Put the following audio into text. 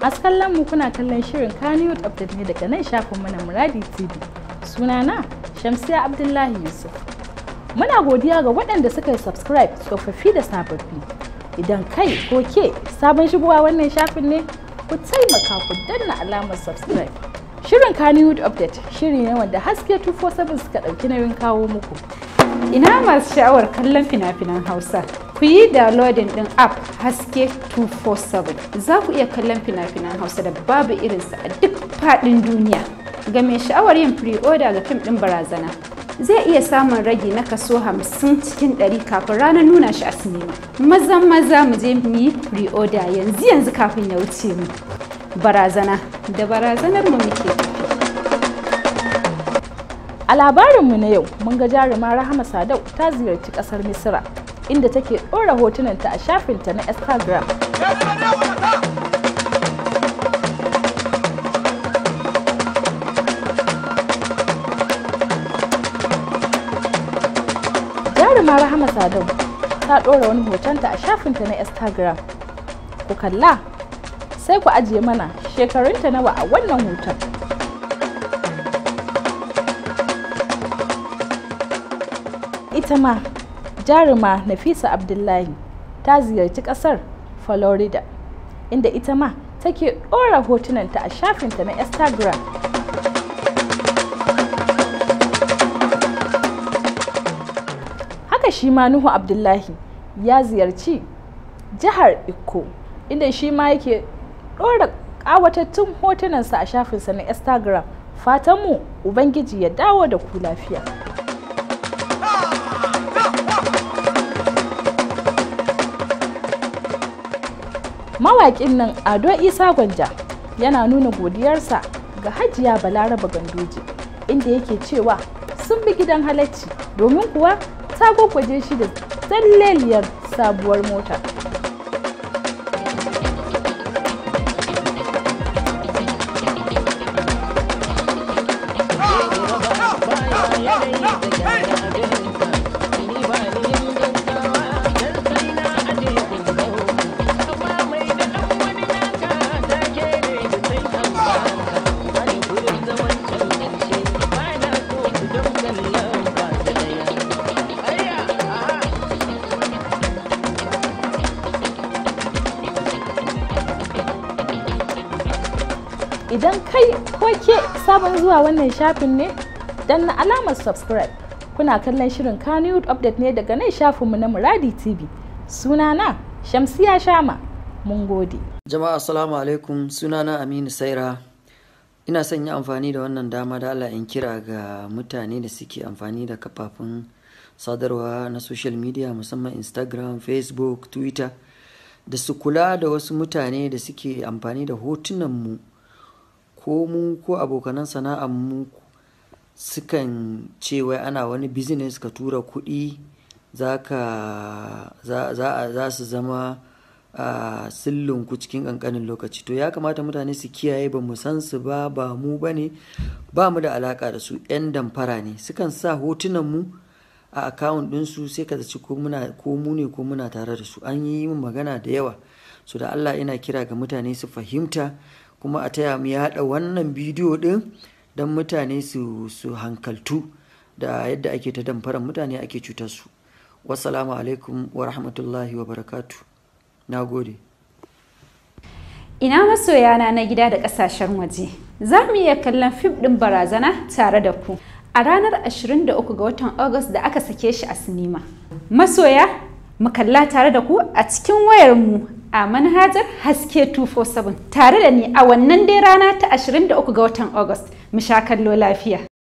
Masu kallon mu kuna kallon shirin Kaniwood Update ne daga nan shafin mana Muradi TV. Sunana Shamsiya Abdullahi Yusuf. Muna godiya ga waɗanda suka yi subscribe tsofaffi da sababbi. Idan kai ko ke sabon shigowa wannan shafin ne ku taimaka ku danna alamar subscribe. Shirin Kaniwood Update shiri ne wanda haske 247 suka ɗauki nauyin kawo muku. Ina masu sha'awar kallon fina-finan Hausa. ku yi downloading din app haske 247 za ku iya kallon fina-finan hausa da babu irinsa a duk faɗin duniya ga mai sha'awar yin pre-order ga fim ɗin barazana zai iya samun ragi na kaso 50 cikin 100 kafin ranar nuna shi a sinima mazan maza mu je mu yi pre-order yanzu yanzu kafin ya wuce mu barazana da barazanar mu muke A labarinmu na yau mun ga jaruma Rahama Sadau ta ziyarci kasar Misira inda take ɗora hotunanta a shafinta na Instagram. jarumar Rahama Sadau ta ɗora wani hotonta a shafinta na Instagram. Ku kalla sai ku ajiye mana shekarunta nawa a wannan hoton. ita ma jaruma nafisa abdullahi ta ziyarci kasar florida inda ita ma take ɗora hotunanta a shafinta na instagram haka shi ma nuhu abdullahi ya ziyarci jihar ikko inda shi ma yake ɗora ƙawatattun hotunansa a shafinsa na instagram fatanmu ubangiji ya dawo da ku lafiya mawaƙin nan ado isa gwanja yana nuna godiyarsa ga hajiya balaraba gandoji inda yake cewa sun bi gidan halacci domin kuwa ta gwagwaje shi da tsalleliyar sabuwar mota idan kai ko ke sabon zuwa wannan shafin ne dan na alamar subscribe kuna kallon shirin Kannywood update ne daga nan shafinmu na Muradi TV sunana Shamsiya Shama mun gode jama'a assalamu alaikum sunana Aminu Saira ina son yi amfani da wannan dama da Allah in kira ga mutane da suke amfani da kafafun sadarwa na social media musamman Instagram, Facebook, Twitter da su kula da wasu mutane da suke amfani da hotunanmu ko mu ko abokanan sana'an mu sukan ce wai ana wani business ka tura kuɗi za su zama a sillinku cikin ƙanƙanin lokaci to ya kamata mutane su kiyaye ba mu san su ba ba mu ba ne ba mu da alaƙa da su 'yan damfara ne sukan sa hotunan mu a akawun ɗinsu sai ka zaci ko mu ne ko muna tare da su an yi min magana da yawa so da allah ina kira ga mutane su fahimta kuma a taya mu yaɗa wannan bidiyo ɗin don mutane su su hankaltu da yadda ake ta damfarar mutane ake cutar su wasalamu alaikum wa rahmatullahi wa barakatu na gode ina masoyana na gida da ƙasashen waje za mu iya kallon fim ɗin barazana tare da ku a ranar 23 ga watan agus da aka sake shi a sinima masoya mu kalla tare da ku a cikin wayarmu a manhajar haske 247 tare da ni a wannan dai rana ta 23 ga watan August mu sha kallo lafiya.